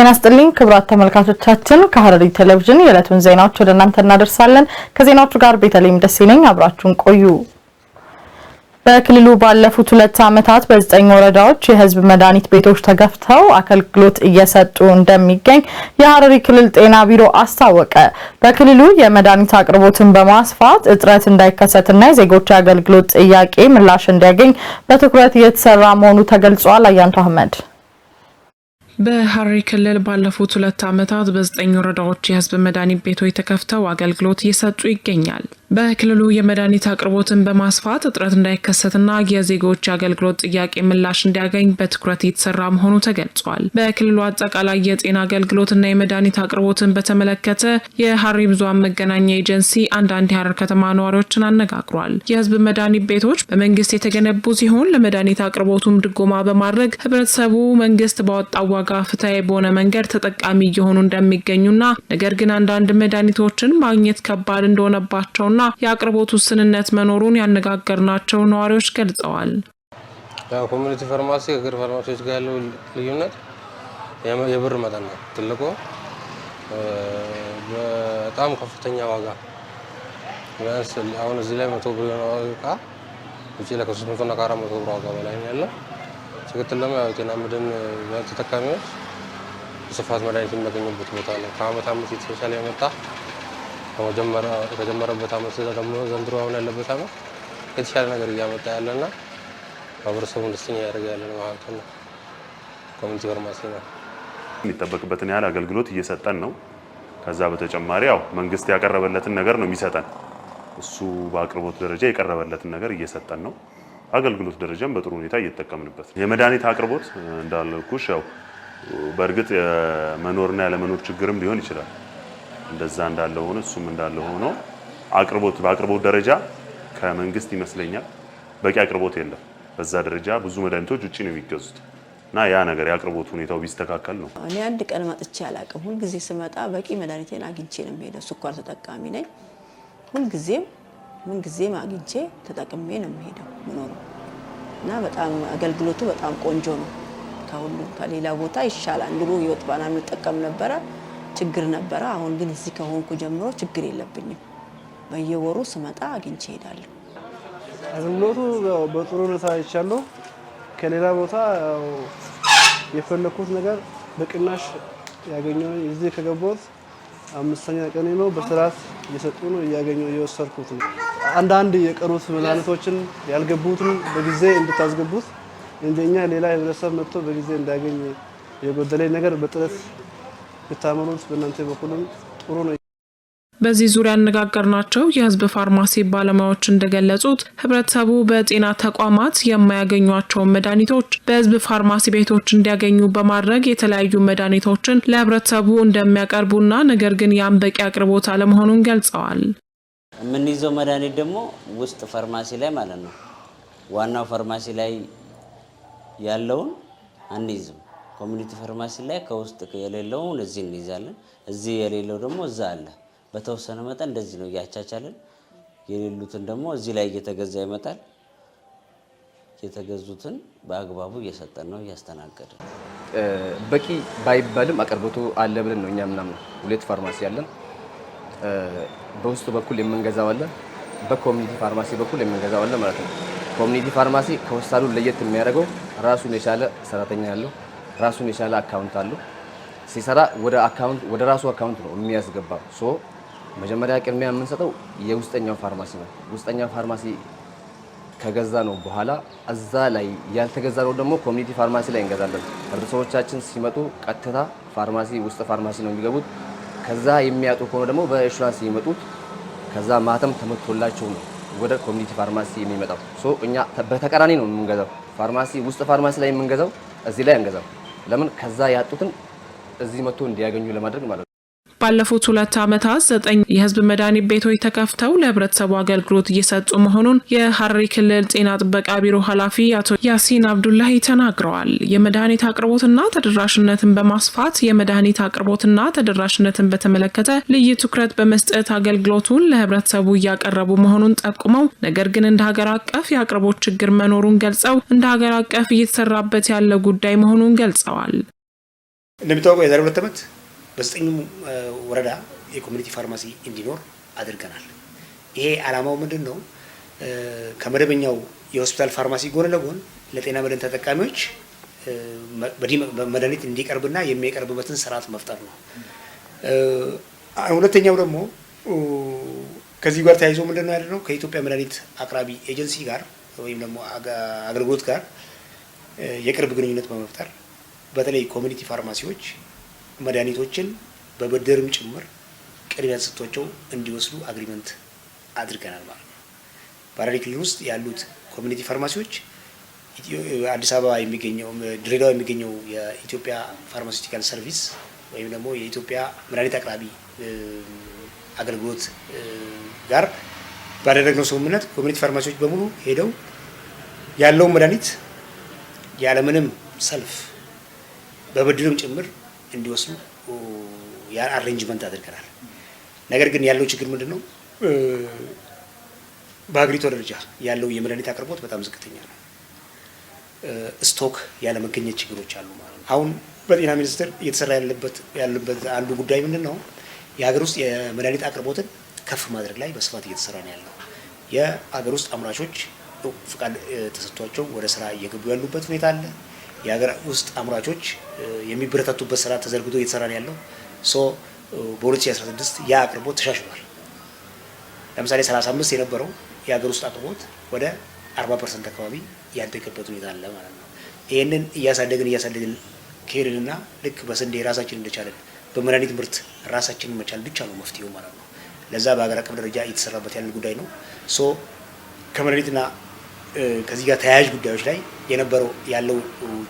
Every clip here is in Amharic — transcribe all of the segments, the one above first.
ጤና ይስጥልኝ ክቡራት ተመልካቾቻችን፣ ከሐረሪ ቴሌቪዥን የዕለቱን ዜናዎች ወደ እናንተ እናደርሳለን። ከዜናዎቹ ጋር ቤተልሔም ደሴ ነኝ። አብራችሁን ቆዩ። በክልሉ ባለፉት ሁለት ዓመታት በዘጠኝ ወረዳዎች የህዝብ መድኃኒት ቤቶች ተገፍተው አገልግሎት እየሰጡ እንደሚገኝ የሐረሪ ክልል ጤና ቢሮ አስታወቀ። በክልሉ የመድኃኒት አቅርቦትን በማስፋት እጥረት እንዳይከሰትና የዜጎች የአገልግሎት ጥያቄ ምላሽ እንዲያገኝ በትኩረት እየተሰራ መሆኑ ተገልጿል። አያንቱ አህመድ በሐረሪ ክልል ባለፉት ሁለት ዓመታት በዘጠኝ ወረዳዎች የህዝብ መድኃኒት ቤቶች ተከፍተው አገልግሎት እየሰጡ ይገኛል። በክልሉ የመድኃኒት አቅርቦትን በማስፋት እጥረት እንዳይከሰትና የዜጎች የአገልግሎት ጥያቄ ምላሽ እንዲያገኝ በትኩረት የተሰራ መሆኑ ተገልጿል። በክልሉ አጠቃላይ የጤና አገልግሎትና የመድኃኒት አቅርቦትን በተመለከተ የሐረሪ ብዙኃን መገናኛ ኤጀንሲ አንዳንድ የሐረር ከተማ ነዋሪዎችን አነጋግሯል። የህዝብ መድኃኒት ቤቶች በመንግስት የተገነቡ ሲሆን ለመድኃኒት አቅርቦቱም ድጎማ በማድረግ ህብረተሰቡ መንግስት ባወጣው ዋጋ ፍትሐዊ በሆነ መንገድ ተጠቃሚ እየሆኑ እንደሚገኙና ነገር ግን አንዳንድ መድኃኒቶችን ማግኘት ከባድ እንደሆነባቸውና መኖሩና የአቅርቦት ውስንነት መኖሩን ያነጋገርናቸው ነዋሪዎች ገልጸዋል። ኮሚኒቲ ፋርማሲ ከግል ፋርማሲዎች ጋር ያለው ልዩነት የብር መጠን ነው ትልቁ። በጣም ከፍተኛ ዋጋ ቢያንስ አሁን እዚህ ላይ መቶ ብር እቃ ውጭ ላይ ከሶስት መቶ እና ከአራት መቶ ብር ዋጋ በላይ ያለ ትክክል ደግሞ ያው ጤና ምድን ተጠቃሚዎች ስፋት መድኃኒት የሚያገኙበት ቦታ ነው። ከአመት አመት የተሻለ የመጣ የተጀመረበት አመት ደግሞ ዘንድሮ አሁን ያለበት አመት የተሻለ ነገር እያመጣ ያለና ማህበረሰቡን ደስተኛ እያደረገ ያለ ነው ማለት ነው። ኮሚኒቲ ፋርማሲ ነው የሚጠበቅበትን ያህል አገልግሎት እየሰጠን ነው። ከዛ በተጨማሪ ያው መንግስት ያቀረበለትን ነገር ነው የሚሰጠን። እሱ በአቅርቦት ደረጃ የቀረበለትን ነገር እየሰጠን ነው። አገልግሎት ደረጃም በጥሩ ሁኔታ እየተጠቀምንበት የመድኃኒት አቅርቦት እንዳልኩሽ ያው በእርግጥ የመኖርና ያለመኖር ችግርም ሊሆን ይችላል። እንደዛ እንዳለ ሆኖ እሱም እንዳለ ሆኖ አቅርቦት በአቅርቦት ደረጃ ከመንግስት ይመስለኛል በቂ አቅርቦት የለም። በዛ ደረጃ ብዙ መድኃኒቶች ውጭ ነው የሚገዙት እና ያ ነገር የአቅርቦት ሁኔታው ቢስተካከል ነው። እኔ አንድ ቀን መጥቼ አላውቅም። ሁልጊዜ ስመጣ በቂ መድኃኒቴን አግኝቼ ነው የምሄደው። ስኳር ተጠቃሚ ነኝ። ሁልጊዜም ምንጊዜም አግኝቼ ተጠቅሜ ነው የምሄደው ምኖረው እና በጣም አገልግሎቱ በጣም ቆንጆ ነው። ከሁሉም ከሌላ ቦታ ይሻላል። ድሮ ህይወት ባና እንጠቀም ነበረ ችግር ነበረ። አሁን ግን እዚህ ከሆንኩ ጀምሮ ችግር የለብኝም። በየወሩ ስመጣ አግኝቼ እሄዳለሁ። አገልግሎቱ በጥሩ ሁኔታ አይቻለሁ። ከሌላ ቦታ የፈለኩት ነገር በቅናሽ ያገኘው እዚህ ከገባሁት አምስተኛ ቀኔ ነው። በስርዓት እየሰጡ ነው እያገኘው እየወሰድኩት ነው። አንዳንድ የቀሩት መድኃኒቶችን ያልገቡትን በጊዜ እንድታስገቡት እንደኛ ሌላ ህብረተሰብ መጥቶ በጊዜ እንዳገኝ የጎደለኝ ነገር በጥረት ብታመኑት በእናንተ በኩልም ጥሩ ነው። በዚህ ዙሪያ ያነጋገርናቸው የህዝብ ፋርማሲ ባለሙያዎች እንደገለጹት ህብረተሰቡ በጤና ተቋማት የማያገኟቸውን መድኃኒቶች በህዝብ ፋርማሲ ቤቶች እንዲያገኙ በማድረግ የተለያዩ መድኃኒቶችን ለህብረተሰቡ እንደሚያቀርቡና ነገር ግን ያን በቂ አቅርቦት አለመሆኑን ገልጸዋል። የምንይዘው መድኃኒት ደግሞ ውስጥ ፋርማሲ ላይ ማለት ነው። ዋናው ፋርማሲ ላይ ያለውን አንይዝም። ኮሚኒቲ ፋርማሲ ላይ ከውስጥ የሌለው እዚህ እንይዛለን፣ እዚህ የሌለው ደግሞ እዛ አለ። በተወሰነ መጠን እንደዚህ ነው እያቻቻልን የሌሉትን ደግሞ እዚህ ላይ እየተገዛ ይመጣል። የተገዙትን በአግባቡ እየሰጠን ነው እያስተናገድን። በቂ ባይባልም አቅርቦቱ አለ ብለን ነው እኛ ምናምን ሁለት ፋርማሲ አለን። በውስጡ በኩል የምንገዛው አለ፣ በኮሚኒቲ ፋርማሲ በኩል የምንገዛው አለ ማለት ነው። ኮሚኒቲ ፋርማሲ ከወሳዱ ለየት የሚያደርገው ራሱን የቻለ ሰራተኛ ያለው ራሱን የቻለ አካውንት አለው። ሲሰራ ወደ አካውንት ወደ ራሱ አካውንት ነው የሚያስገባ። ሶ መጀመሪያ ቅድሚያ የምንሰጠው የውስጠኛው ፋርማሲ ነው። ውስጠኛው ፋርማሲ ከገዛ ነው በኋላ እዛ ላይ ያልተገዛ ነው ደግሞ ኮሚኒቲ ፋርማሲ ላይ እንገዛለን። ህብረተሰቦቻችን ሲመጡ ቀጥታ ፋርማሲ ውስጥ ፋርማሲ ነው የሚገቡት። ከዛ የሚያጡ ከሆነ ደግሞ በኢንሹራንስ የሚመጡት ከዛ ማተም ተመቶላቸው ነው ወደ ኮሚኒቲ ፋርማሲ የሚመጣው። ሶ እኛ በተቃራኒ ነው የምንገዛው። ፋርማሲ ውስጥ ፋርማሲ ላይ የምንገዛው እዚህ ላይ አንገዛው። ለምን ከዛ ያጡትን እዚህ መጥቶ እንዲያገኙ ለማድረግ ማለት ነው። ባለፉት ሁለት ዓመታት ዘጠኝ የህዝብ መድኃኒት ቤቶች ተከፍተው ለህብረተሰቡ አገልግሎት እየሰጡ መሆኑን የሀረሪ ክልል ጤና ጥበቃ ቢሮ ኃላፊ አቶ ያሲን አብዱላሂ ተናግረዋል። የመድኃኒት አቅርቦትና ተደራሽነትን በማስፋት የመድኃኒት አቅርቦትና ተደራሽነትን በተመለከተ ልዩ ትኩረት በመስጠት አገልግሎቱን ለህብረተሰቡ እያቀረቡ መሆኑን ጠቁመው ነገር ግን እንደ ሀገር አቀፍ የአቅርቦት ችግር መኖሩን ገልጸው እንደ ሀገር አቀፍ እየተሰራበት ያለ ጉዳይ መሆኑን ገልጸዋል። እንደሚታወቀው የዛሬ ሁለት ዓመት በዘጠኙም ወረዳ የኮሚኒቲ ፋርማሲ እንዲኖር አድርገናል። ይሄ አላማው ምንድን ነው? ከመደበኛው የሆስፒታል ፋርማሲ ጎን ለጎን ለጤና መድን ተጠቃሚዎች መድኃኒት እንዲቀርብና የሚቀርብበትን ስርዓት መፍጠር ነው። ሁለተኛው ደግሞ ከዚህ ጋር ተያይዞ ምንድን ነው ከኢትዮጵያ መድኃኒት አቅራቢ ኤጀንሲ ጋር ወይም ደግሞ አገልግሎት ጋር የቅርብ ግንኙነት በመፍጠር በተለይ ኮሚኒቲ ፋርማሲዎች መድኃኒቶችን በብድርም ጭምር ቅድሚያ ተሰጥቷቸው እንዲወስዱ አግሪመንት አድርገናል ማለት ነው። በሐረሪ ክልል ውስጥ ያሉት ኮሚኒቲ ፋርማሲዎች አዲስ አበባ የሚገኘው ድሬዳዋ የሚገኘው የኢትዮጵያ ፋርማሲውቲካል ሰርቪስ ወይም ደግሞ የኢትዮጵያ መድኃኒት አቅራቢ አገልግሎት ጋር ባደረግነው ስምምነት ኮሚኒቲ ፋርማሲዎች በሙሉ ሄደው ያለውን መድኃኒት ያለምንም ሰልፍ በብድርም ጭምር እንዲወስዱ አሬንጅመንት አድርገናል። ነገር ግን ያለው ችግር ምንድን ነው? በሀገሪቷ ደረጃ ያለው የመድኃኒት አቅርቦት በጣም ዝቅተኛ ነው። ስቶክ ያለመገኘት ችግሮች አሉ ማለት ነው። አሁን በጤና ሚኒስቴር እየተሰራ ያለበት አንዱ ጉዳይ ምንድን ነው? የሀገር ውስጥ የመድኃኒት አቅርቦትን ከፍ ማድረግ ላይ በስፋት እየተሰራ ነው ያለው። የሀገር ውስጥ አምራቾች ፍቃድ ተሰጥቷቸው ወደ ስራ እየገቡ ያሉበት ሁኔታ አለ። የሀገር ውስጥ አምራቾች የሚበረታቱበት ስራ ተዘርግቶ እየተሰራ ያለው። ሶ በ2016 ያ አቅርቦት ተሻሽሏል። ለምሳሌ 35 የነበረው የሀገር ውስጥ አቅርቦት ወደ 40 ፐርሰንት አካባቢ ያደገበት ሁኔታ አለ ማለት ነው። ይህንን እያሳደግን እያሳደግን ከሄድንና ልክ በስንዴ ራሳችን እንደቻለን በመድኃኒት ምርት ራሳችንን መቻል ብቻ ነው መፍትሄው ማለት ነው። ለዛ በሀገር አቀፍ ደረጃ እየተሰራበት ያለ ጉዳይ ነው። ሶ ከመድኃኒትና ከዚህ ጋር ተያያዥ ጉዳዮች ላይ የነበረው ያለው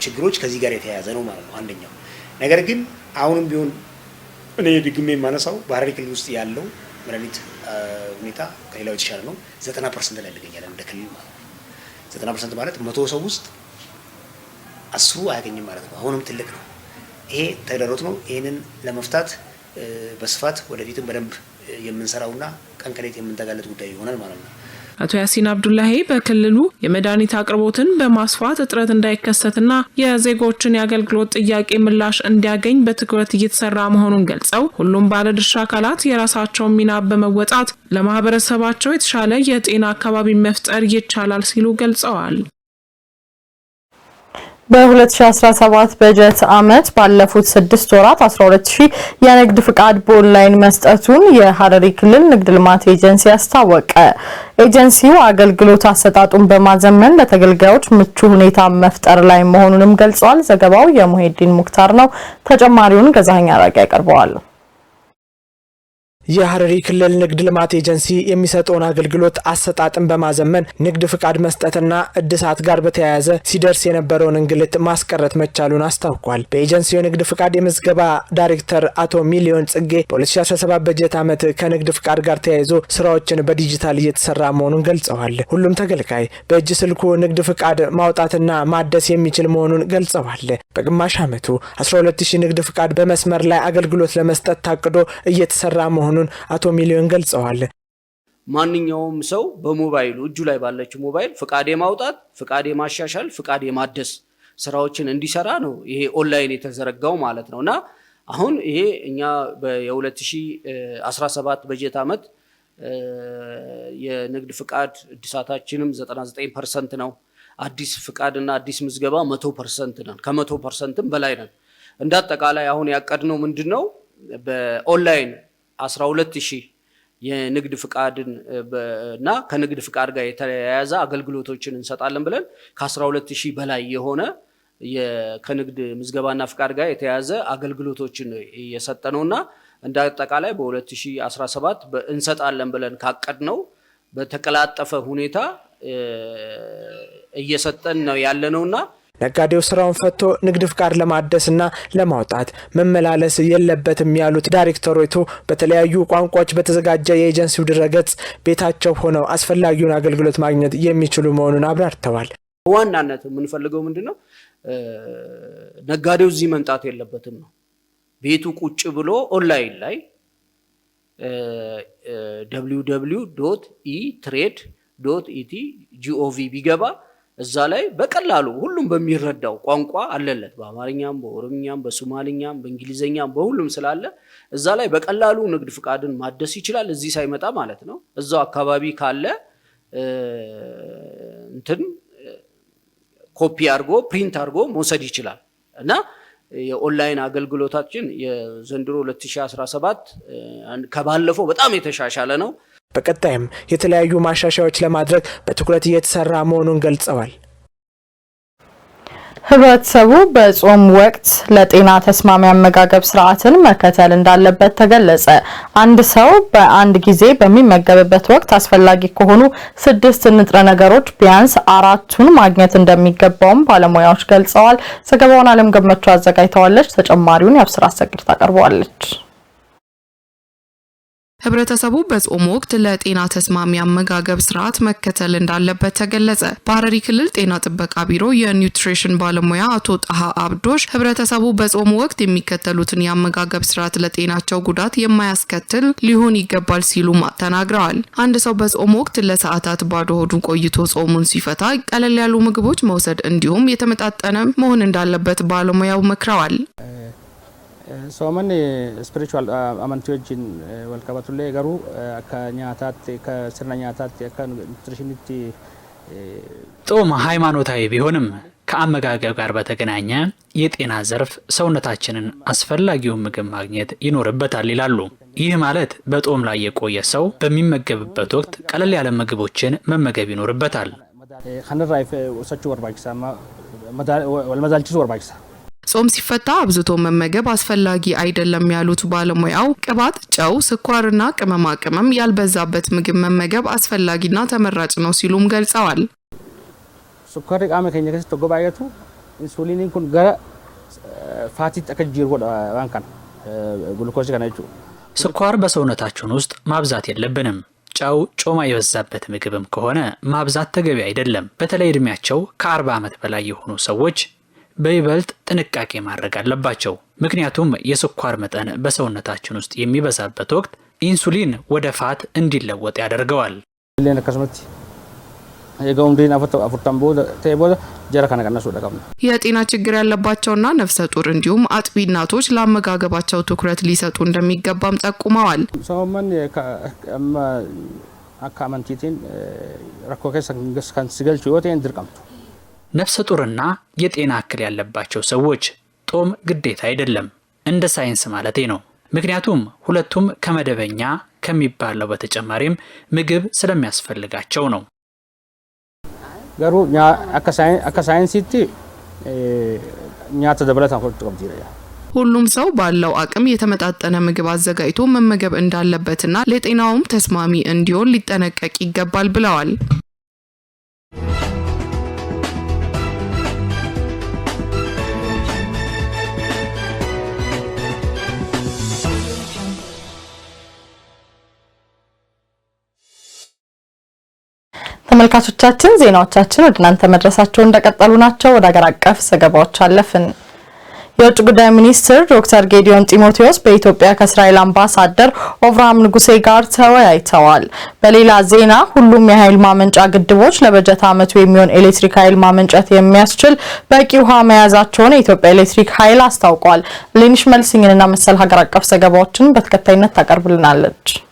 ችግሮች ከዚህ ጋር የተያያዘ ነው ማለት ነው አንደኛው ነገር ግን አሁንም ቢሆን እኔ ድግሜ የማነሳው ሐረሪ ክልል ውስጥ ያለው መድኃኒት ሁኔታ ከሌላው የተሻለ ነው። ዘጠና ፐርሰንት ላይ ያገኛለን እንደ ክልል ማለት ነው። ዘጠና ፐርሰንት ማለት መቶ ሰው ውስጥ አስሩ አያገኝም ማለት ነው። አሁንም ትልቅ ነው። ይሄ ተግዳሮት ነው። ይህንን ለመፍታት በስፋት ወደፊትም በደንብ የምንሰራውና ቀን ከሌት የምንተጋለት ጉዳይ ይሆናል ማለት ነው። አቶ ያሲን አብዱላሂ በክልሉ የመድኃኒት አቅርቦትን በማስፋት እጥረት እንዳይከሰትና የዜጎችን የአገልግሎት ጥያቄ ምላሽ እንዲያገኝ በትኩረት እየተሰራ መሆኑን ገልጸው ሁሉም ባለድርሻ አካላት የራሳቸውን ሚና በመወጣት ለማህበረሰባቸው የተሻለ የጤና አካባቢ መፍጠር ይቻላል ሲሉ ገልጸዋል። በ2017 በጀት ዓመት ባለፉት ስድስት ወራት 12000 የንግድ ፍቃድ በኦንላይን መስጠቱን የሀረሪ ክልል ንግድ ልማት ኤጀንሲ አስታወቀ። ኤጀንሲው አገልግሎት አሰጣጡን በማዘመን ለተገልጋዮች ምቹ ሁኔታ መፍጠር ላይ መሆኑንም ገልጸዋል። ዘገባው የሙሄዲን ሙክታር ነው። ተጨማሪውን ገዛኸኝ አራቂ ያቀርበዋል። የሐረሪ ክልል ንግድ ልማት ኤጀንሲ የሚሰጠውን አገልግሎት አሰጣጥን በማዘመን ንግድ ፍቃድ መስጠትና እድሳት ጋር በተያያዘ ሲደርስ የነበረውን እንግልት ማስቀረት መቻሉን አስታውቋል። በኤጀንሲው ንግድ ፍቃድ የምዝገባ ዳይሬክተር አቶ ሚሊዮን ጽጌ በ2017 በጀት ዓመት ከንግድ ፍቃድ ጋር ተያይዞ ስራዎችን በዲጂታል እየተሰራ መሆኑን ገልጸዋል። ሁሉም ተገልጋይ በእጅ ስልኩ ንግድ ፍቃድ ማውጣትና ማደስ የሚችል መሆኑን ገልጸዋል። በግማሽ ዓመቱ 120 ንግድ ፍቃድ በመስመር ላይ አገልግሎት ለመስጠት ታቅዶ እየተሰራ መሆኑን መሆኑን አቶ ሚሊዮን ገልጸዋል። ማንኛውም ሰው በሞባይሉ እጁ ላይ ባለችው ሞባይል ፍቃድ የማውጣት ፍቃድ የማሻሻል ፍቃድ የማደስ ስራዎችን እንዲሰራ ነው ይሄ ኦንላይን የተዘረጋው ማለት ነው እና አሁን ይሄ እኛ የ2017 በጀት ዓመት የንግድ ፍቃድ እድሳታችንም 99 ፐርሰንት ነው። አዲስ ፍቃድና አዲስ ምዝገባ መቶ ፐርሰንት ነን። ከመቶ ፐርሰንትም በላይ ነን። እንደ አጠቃላይ አሁን ያቀድነው ምንድን ነው በኦንላይን 12 ሺህ የንግድ ፍቃድን እና ከንግድ ፍቃድ ጋር የተያያዘ አገልግሎቶችን እንሰጣለን ብለን ከ12 ሺህ በላይ የሆነ ከንግድ ምዝገባና ፍቃድ ጋር የተያያዘ አገልግሎቶችን እየሰጠ ነው እና እንደ አጠቃላይ በ2017 እንሰጣለን ብለን ካቀድ ነው በተቀላጠፈ ሁኔታ እየሰጠን ነው ያለ ነው እና ነጋዴው ስራውን ፈቶ ንግድ ፍቃድ ለማደስና ለማውጣት መመላለስ የለበትም ያሉት ዳይሬክተሮቱ በተለያዩ ቋንቋዎች በተዘጋጀ የኤጀንሲው ድረገጽ ቤታቸው ሆነው አስፈላጊውን አገልግሎት ማግኘት የሚችሉ መሆኑን አብራርተዋል። በዋናነት የምንፈልገው ምንድን ነው? ነጋዴው እዚህ መምጣት የለበትም ነው። ቤቱ ቁጭ ብሎ ኦንላይን ላይ ደብሊው ደብሊው ዶት ኢትሬድ ዶት ኢቲ ጂኦቪ ቢገባ እዛ ላይ በቀላሉ ሁሉም በሚረዳው ቋንቋ አለለት። በአማርኛም፣ በኦሮምኛም፣ በሶማልኛም፣ በእንግሊዝኛም በሁሉም ስላለ እዛ ላይ በቀላሉ ንግድ ፍቃድን ማደስ ይችላል። እዚህ ሳይመጣ ማለት ነው። እዛው አካባቢ ካለ እንትን ኮፒ አድርጎ ፕሪንት አድርጎ መውሰድ ይችላል እና የኦንላይን አገልግሎታችን የዘንድሮ 2017 ከባለፈው በጣም የተሻሻለ ነው። በቀጣይም የተለያዩ ማሻሻያዎች ለማድረግ በትኩረት እየተሰራ መሆኑን ገልጸዋል። ህብረተሰቡ በጾም ወቅት ለጤና ተስማሚ አመጋገብ ስርዓትን መከተል እንዳለበት ተገለጸ። አንድ ሰው በአንድ ጊዜ በሚመገብበት ወቅት አስፈላጊ ከሆኑ ስድስት ንጥረ ነገሮች ቢያንስ አራቱን ማግኘት እንደሚገባውም ባለሙያዎች ገልጸዋል። ዘገባውን አለም ገመቹ አዘጋጅተዋለች። ተጨማሪውን የአብስራ አሰግድ ታቀርበዋለች። ህብረተሰቡ በጾም ወቅት ለጤና ተስማሚ አመጋገብ ስርዓት መከተል እንዳለበት ተገለጸ። በሐረሪ ክልል ጤና ጥበቃ ቢሮ የኒውትሪሽን ባለሙያ አቶ ጣሃ አብዶሽ ህብረተሰቡ በጾም ወቅት የሚከተሉትን የአመጋገብ ስርዓት ለጤናቸው ጉዳት የማያስከትል ሊሆን ይገባል ሲሉ ተናግረዋል። አንድ ሰው በጾም ወቅት ለሰዓታት ባዶ ሆዱ ቆይቶ ጾሙን ሲፈታ ቀለል ያሉ ምግቦች መውሰድ እንዲሁም የተመጣጠነ መሆን እንዳለበት ባለሙያው መክረዋል። Soomanni ispirichuwaal amantiiwajjin wal qabatullee garuu akka nyaataatti akka sirna ሃይማኖታዊ ቢሆንም ከአመጋገብ ጋር በተገናኘ የጤና ዘርፍ ሰውነታችንን አስፈላጊውን ምግብ ማግኘት ይኖርበታል ይላሉ። ይህ ማለት በጾም ላይ የቆየ ሰው በሚመገብበት ወቅት ቀለል ያለ ምግቦችን መመገብ ይኖርበታል። ከንራይፍ ወሰቹ ወርባጅሳ ወልመዛልችሱ ወርባጅሳ ጾም ሲፈታ አብዝቶ መመገብ አስፈላጊ አይደለም ያሉት ባለሙያው ቅባት፣ ጨው፣ ስኳርና ቅመማ ቅመም ያልበዛበት ምግብ መመገብ አስፈላጊና ተመራጭ ነው ሲሉም ገልጸዋል። ስኳር ቃመ ከኛ ከስ ተጎባየቱ ኢንሱሊን ኩን ገረ ፋቲ ተከጅር ወደ ግሉኮዝ ከነጩ ስኳር በሰውነታችን ውስጥ ማብዛት የለብንም። ጨው ጮማ የበዛበት ምግብም ከሆነ ማብዛት ተገቢ አይደለም። በተለይ እድሜያቸው ከ40 ዓመት በላይ የሆኑ ሰዎች በይበልጥ ጥንቃቄ ማድረግ አለባቸው። ምክንያቱም የስኳር መጠን በሰውነታችን ውስጥ የሚበዛበት ወቅት ኢንሱሊን ወደ ፋት እንዲለወጥ ያደርገዋል። የጤና ችግር ያለባቸውና ነፍሰ ጡር እንዲሁም አጥቢ እናቶች ለአመጋገባቸው ትኩረት ሊሰጡ እንደሚገባም ጠቁመዋል። አካመንቲቲን ረኮ ከሰ ከንስገልቹ ድርቀምቱ ነፍሰ ጡርና የጤና እክል ያለባቸው ሰዎች ጦም ግዴታ አይደለም፣ እንደ ሳይንስ ማለቴ ነው። ምክንያቱም ሁለቱም ከመደበኛ ከሚባለው በተጨማሪም ምግብ ስለሚያስፈልጋቸው ነው። ገሩ ሳይንሲቲ ኛተ ደብለታ ሁሉም ሰው ባለው አቅም የተመጣጠነ ምግብ አዘጋጅቶ መመገብ እንዳለበትና ለጤናውም ተስማሚ እንዲሆን ሊጠነቀቅ ይገባል ብለዋል። ተመልካቾቻችን ዜናዎቻችን ወደ እናንተ መድረሳቸው እንደቀጠሉ ናቸው። ወደ ሀገር አቀፍ ዘገባዎች አለፍን። የውጭ ጉዳይ ሚኒስትር ዶክተር ጌዲዮን ጢሞቴዎስ በኢትዮጵያ ከእስራኤል አምባሳደር ኦብርሃም ንጉሴ ጋር ተወያይተዋል። በሌላ ዜና ሁሉም የኃይል ማመንጫ ግድቦች ለበጀት ዓመቱ የሚሆን ኤሌክትሪክ ኃይል ማመንጨት የሚያስችል በቂ ውሃ መያዛቸውን የኢትዮጵያ ኤሌክትሪክ ኃይል አስታውቋል። ሌኒሽ መልሲንግንና መሰል ሀገር አቀፍ ዘገባዎችን በተከታይነት ታቀርብልናለች።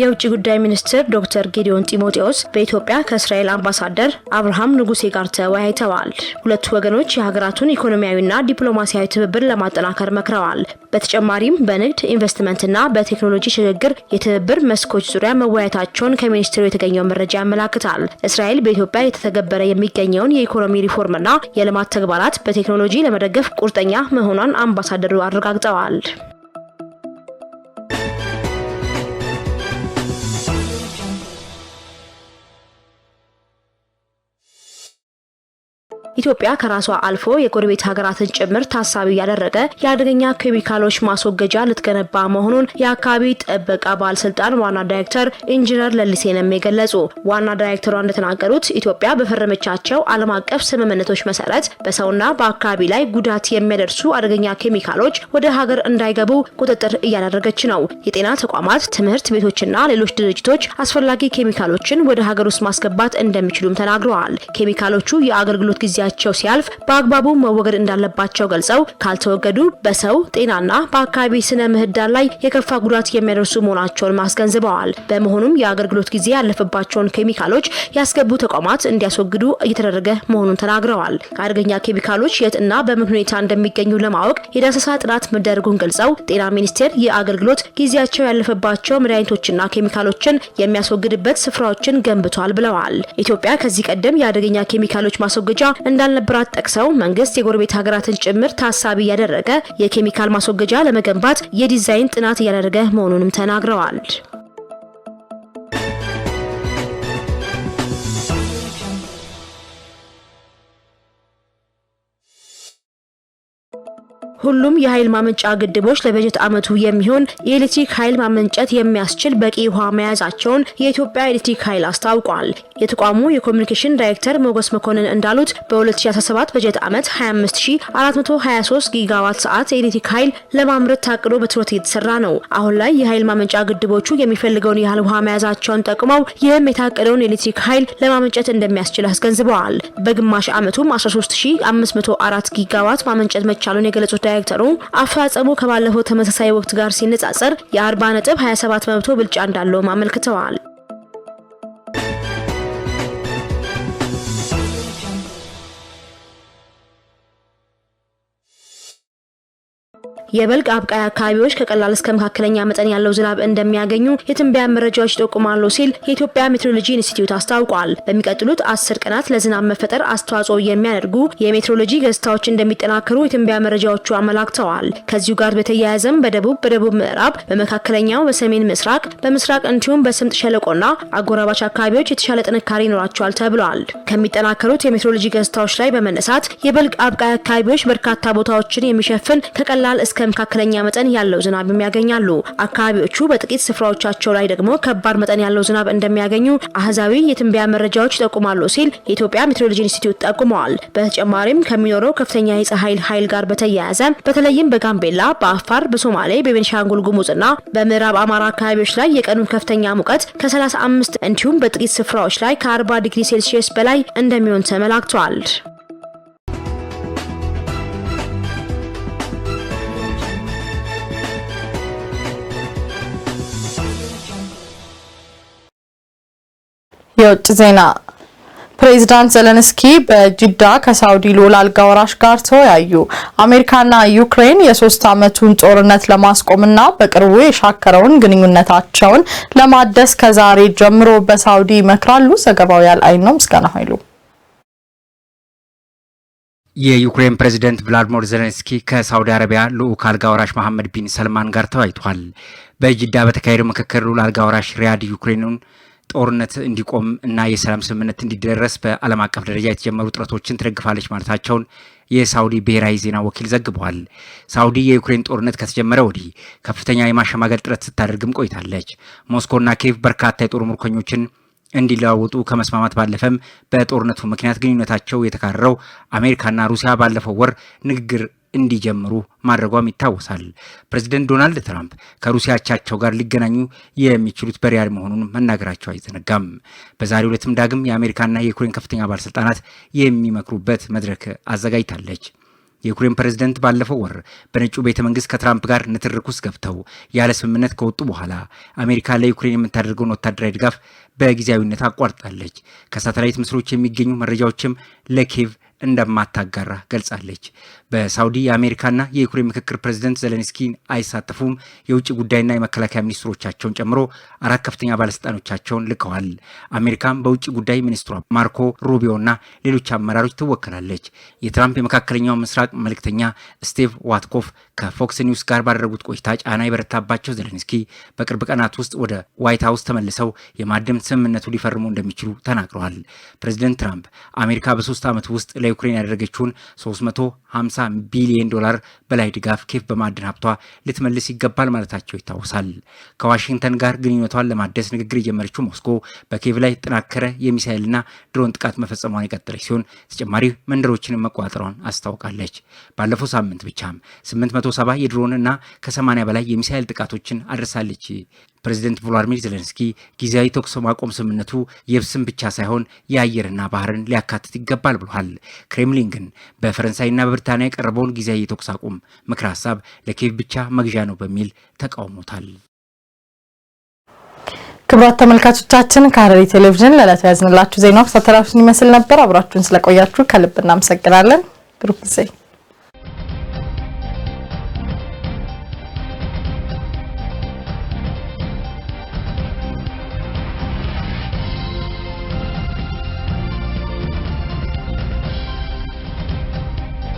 የውጭ ጉዳይ ሚኒስትር ዶክተር ጌዲዮን ጢሞቴዎስ በኢትዮጵያ ከእስራኤል አምባሳደር አብርሃም ንጉሴ ጋር ተወያይተዋል። ሁለቱ ወገኖች የሀገራቱን ኢኮኖሚያዊና ዲፕሎማሲያዊ ትብብር ለማጠናከር መክረዋል። በተጨማሪም በንግድ ኢንቨስትመንትና በቴክኖሎጂ ሽግግር የትብብር መስኮች ዙሪያ መወያየታቸውን ከሚኒስትሩ የተገኘው መረጃ ያመላክታል። እስራኤል በኢትዮጵያ የተተገበረ የሚገኘውን የኢኮኖሚ ሪፎርምና የልማት ተግባራት በቴክኖሎጂ ለመደገፍ ቁርጠኛ መሆኗን አምባሳደሩ አረጋግጠዋል። ኢትዮጵያ ከራሷ አልፎ የጎረቤት ሀገራትን ጭምር ታሳቢ ያደረገ የአደገኛ ኬሚካሎች ማስወገጃ ልትገነባ መሆኑን የአካባቢ ጥበቃ ባለስልጣን ዋና ዳይሬክተር ኢንጂነር ለሊሴ ነሜ ገለጹ። ዋና ዳይሬክተሯ እንደተናገሩት ኢትዮጵያ በፈረመቻቸው ዓለም አቀፍ ስምምነቶች መሰረት በሰውና በአካባቢ ላይ ጉዳት የሚያደርሱ አደገኛ ኬሚካሎች ወደ ሀገር እንዳይገቡ ቁጥጥር እያደረገች ነው። የጤና ተቋማት፣ ትምህርት ቤቶችና ሌሎች ድርጅቶች አስፈላጊ ኬሚካሎችን ወደ ሀገር ውስጥ ማስገባት እንደሚችሉም ተናግረዋል። ኬሚካሎቹ የአገልግሎት ጊዜ ጊዜያቸው ሲያልፍ በአግባቡ መወገድ እንዳለባቸው ገልጸው ካልተወገዱ በሰው ጤናና በአካባቢ ስነ ምህዳር ላይ የከፋ ጉዳት የሚያደርሱ መሆናቸውን ማስገንዝበዋል። በመሆኑም የአገልግሎት ጊዜ ያለፈባቸውን ኬሚካሎች ያስገቡ ተቋማት እንዲያስወግዱ እየተደረገ መሆኑን ተናግረዋል። አደገኛ ኬሚካሎች የትና በምን ሁኔታ እንደሚገኙ ለማወቅ የዳሰሳ ጥናት መደረጉን ገልጸው ጤና ሚኒስቴር የአገልግሎት ጊዜያቸው ያለፈባቸው መድኃኒቶችና ኬሚካሎችን የሚያስወግድበት ስፍራዎችን ገንብቷል ብለዋል። ኢትዮጵያ ከዚህ ቀደም የአደገኛ ኬሚካሎች ማስወገጃ እንዳልነበራት ጠቅሰው መንግስት የጎረቤት ሀገራትን ጭምር ታሳቢ እያደረገ የኬሚካል ማስወገጃ ለመገንባት የዲዛይን ጥናት እያደረገ መሆኑንም ተናግረዋል። ሁሉም የኃይል ማመንጫ ግድቦች ለበጀት ዓመቱ የሚሆን የኤሌክትሪክ ኃይል ማመንጨት የሚያስችል በቂ ውሃ መያዛቸውን የኢትዮጵያ ኤሌክትሪክ ኃይል አስታውቋል። የተቋሙ የኮሚኒኬሽን ዳይሬክተር ሞገስ መኮንን እንዳሉት በ2017 በጀት ዓመት 25423 ጊጋዋት ሰዓት የኤሌክትሪክ ኃይል ለማምረት ታቅዶ በትኩረት እየተሰራ ነው። አሁን ላይ የኃይል ማመንጫ ግድቦቹ የሚፈልገውን ያህል ውሃ መያዛቸውን ጠቅመው ይህም የታቀደውን የኤሌክትሪክ ኃይል ለማመንጨት እንደሚያስችል አስገንዝበዋል። በግማሽ ዓመቱም 13504 ጊጋዋት ማመንጨት መቻሉን የገለጹት ዳይሬክተሩ አፈጻጸሙ ከባለፈው ተመሳሳይ ወቅት ጋር ሲነጻጸር የ40 ነጥብ 27 በመቶ ብልጫ እንዳለውም አመልክተዋል። የበልግ አብቃይ አካባቢዎች ከቀላል እስከ መካከለኛ መጠን ያለው ዝናብ እንደሚያገኙ የትንበያ መረጃዎች ይጠቁማሉ ሲል የኢትዮጵያ ሜትሮሎጂ ኢንስቲትዩት አስታውቋል። በሚቀጥሉት አስር ቀናት ለዝናብ መፈጠር አስተዋጽኦ የሚያደርጉ የሜትሮሎጂ ገጽታዎች እንደሚጠናከሩ የትንበያ መረጃዎቹ አመላክተዋል። ከዚሁ ጋር በተያያዘም በደቡብ በደቡብ ምዕራብ፣ በመካከለኛው፣ በሰሜን ምስራቅ፣ በምስራቅ እንዲሁም በስምጥ ሸለቆና አጎራባች አካባቢዎች የተሻለ ጥንካሬ ይኖራቸዋል ተብሏል። ከሚጠናከሩት የሜትሮሎጂ ገጽታዎች ላይ በመነሳት የበልግ አብቃይ አካባቢዎች በርካታ ቦታዎችን የሚሸፍን ከቀላል እስከ እስከ መካከለኛ መጠን ያለው ዝናብ ያገኛሉ። አካባቢዎቹ በጥቂት ስፍራዎቻቸው ላይ ደግሞ ከባድ መጠን ያለው ዝናብ እንደሚያገኙ አህዛዊ የትንበያ መረጃዎች ይጠቁማሉ ሲል የኢትዮጵያ ሜትሮሎጂ ኢንስቲትዩት ጠቁመዋል። በተጨማሪም ከሚኖረው ከፍተኛ የፀሐይ ኃይል ጋር በተያያዘ በተለይም በጋምቤላ፣ በአፋር፣ በሶማሌ፣ በቤንሻንጉል ጉሙዝና በምዕራብ አማራ አካባቢዎች ላይ የቀኑን ከፍተኛ ሙቀት ከ35 እንዲሁም በጥቂት ስፍራዎች ላይ ከ40 ዲግሪ ሴልሲየስ በላይ እንደሚሆን ተመላክቷል። የውጭ ዜና ፕሬዚዳንት ዘለንስኪ በጅዳ ከሳውዲ ልዑል አልጋ ወራሽ ጋር ተወያዩ። አሜሪካና ዩክሬን የሶስት ዓመቱን ጦርነት ለማስቆምና በቅርቡ የሻከረውን ግንኙነታቸውን ለማደስ ከዛሬ ጀምሮ በሳውዲ ይመክራሉ። ዘገባው ያልአይን ነው። ምስጋና ኃይሉ የዩክሬን ፕሬዚደንት ቭላድሚር ዘለንስኪ ከሳውዲ አረቢያ ልዑክ አልጋ ወራሽ መሐመድ ቢን ሰልማን ጋር ተወያይቷል። በጅዳ በተካሄደው ምክክር ልዑል አልጋ ወራሽ ሪያድ ዩክሬኑን ጦርነት እንዲቆም እና የሰላም ስምምነት እንዲደረስ በዓለም አቀፍ ደረጃ የተጀመሩ ጥረቶችን ትደግፋለች ማለታቸውን የሳውዲ ብሔራዊ ዜና ወኪል ዘግቧል። ሳውዲ የዩክሬን ጦርነት ከተጀመረ ወዲህ ከፍተኛ የማሸማገል ጥረት ስታደርግም ቆይታለች። ሞስኮና ኪየቭ በርካታ የጦር ምርኮኞችን እንዲለዋወጡ ከመስማማት ባለፈም በጦርነቱ ምክንያት ግንኙነታቸው የተካረረው አሜሪካና ሩሲያ ባለፈው ወር ንግግር እንዲጀምሩ ማድረጓም ይታወሳል። ፕሬዚደንት ዶናልድ ትራምፕ ከሩሲያ አቻቸው ጋር ሊገናኙ የሚችሉት በሪያድ መሆኑን መናገራቸው አይዘነጋም። በዛሬው ዕለትም ዳግም የአሜሪካና የዩክሬን ከፍተኛ ባለስልጣናት የሚመክሩበት መድረክ አዘጋጅታለች። የዩክሬን ፕሬዝደንት ባለፈው ወር በነጩ ቤተ መንግስት ከትራምፕ ጋር ንትርክ ውስጥ ገብተው ያለ ስምምነት ከወጡ በኋላ አሜሪካ ለዩክሬን የምታደርገውን ወታደራዊ ድጋፍ በጊዜያዊነት አቋርጣለች። ከሳተላይት ምስሎች የሚገኙ መረጃዎችም ለኬቭ እንደማታጋራ ገልጻለች። በሳውዲ የአሜሪካና የዩክሬን ምክክር ፕሬዚደንት ዘለንስኪ አይሳተፉም። የውጭ ጉዳይና የመከላከያ ሚኒስትሮቻቸውን ጨምሮ አራት ከፍተኛ ባለስልጣኖቻቸውን ልከዋል። አሜሪካም በውጭ ጉዳይ ሚኒስትሯ ማርኮ ሩቢዮና ሌሎች አመራሮች ትወከላለች። የትራምፕ የመካከለኛው ምስራቅ መልእክተኛ ስቲቭ ዋትኮፍ ከፎክስ ኒውስ ጋር ባደረጉት ቆይታ ጫና የበረታባቸው ዘለንስኪ በቅርብ ቀናት ውስጥ ወደ ዋይት ሀውስ ተመልሰው የማደም ስምምነቱ ሊፈርሙ እንደሚችሉ ተናግረዋል። ፕሬዚደንት ትራምፕ አሜሪካ በሶስት ዓመት ውስጥ ለዩክሬን ያደረገችውን 350 60 ቢሊዮን ዶላር በላይ ድጋፍ ኬፍ በማዕድን ሀብቷ ልትመልስ ይገባል ማለታቸው ይታወሳል። ከዋሽንግተን ጋር ግንኙነቷን ለማደስ ንግግር የጀመረችው ሞስኮ በኬቭ ላይ የተጠናከረ የሚሳይልና ድሮን ጥቃት መፈጸሟን የቀጠለች ሲሆን ተጨማሪ መንደሮችንም መቋጠሯን አስታውቃለች። ባለፈው ሳምንት ብቻም 870 የድሮን እና ከ80 በላይ የሚሳይል ጥቃቶችን አድርሳለች። ፕሬዚደንት ቮሎዲሚር ዜሌንስኪ ጊዜያዊ ተኩስ ማቆም ስምምነቱ የብስም ብቻ ሳይሆን የአየርና ባህርን ሊያካትት ይገባል ብሏል። ክሬምሊን ግን በፈረንሳይና በብሪታንያ የቀረበውን ጊዜያዊ የተኩስ አቁም ምክረ ሀሳብ ለኬቭ ብቻ መግዣ ነው በሚል ተቃውሞታል። ክብራት ተመልካቾቻችን ከሐረሪ ቴሌቪዥን ለዕለቱ ያዝንላችሁ ዜናዎች ሳተላፊን ይመስል ነበር። አብራችሁን ስለቆያችሁ ከልብ እናመሰግናለን። ብሩክ ጊዜ